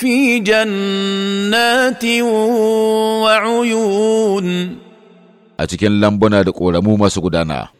في جنات وعيون أتكن لمبنا دقورمو ما سقدانا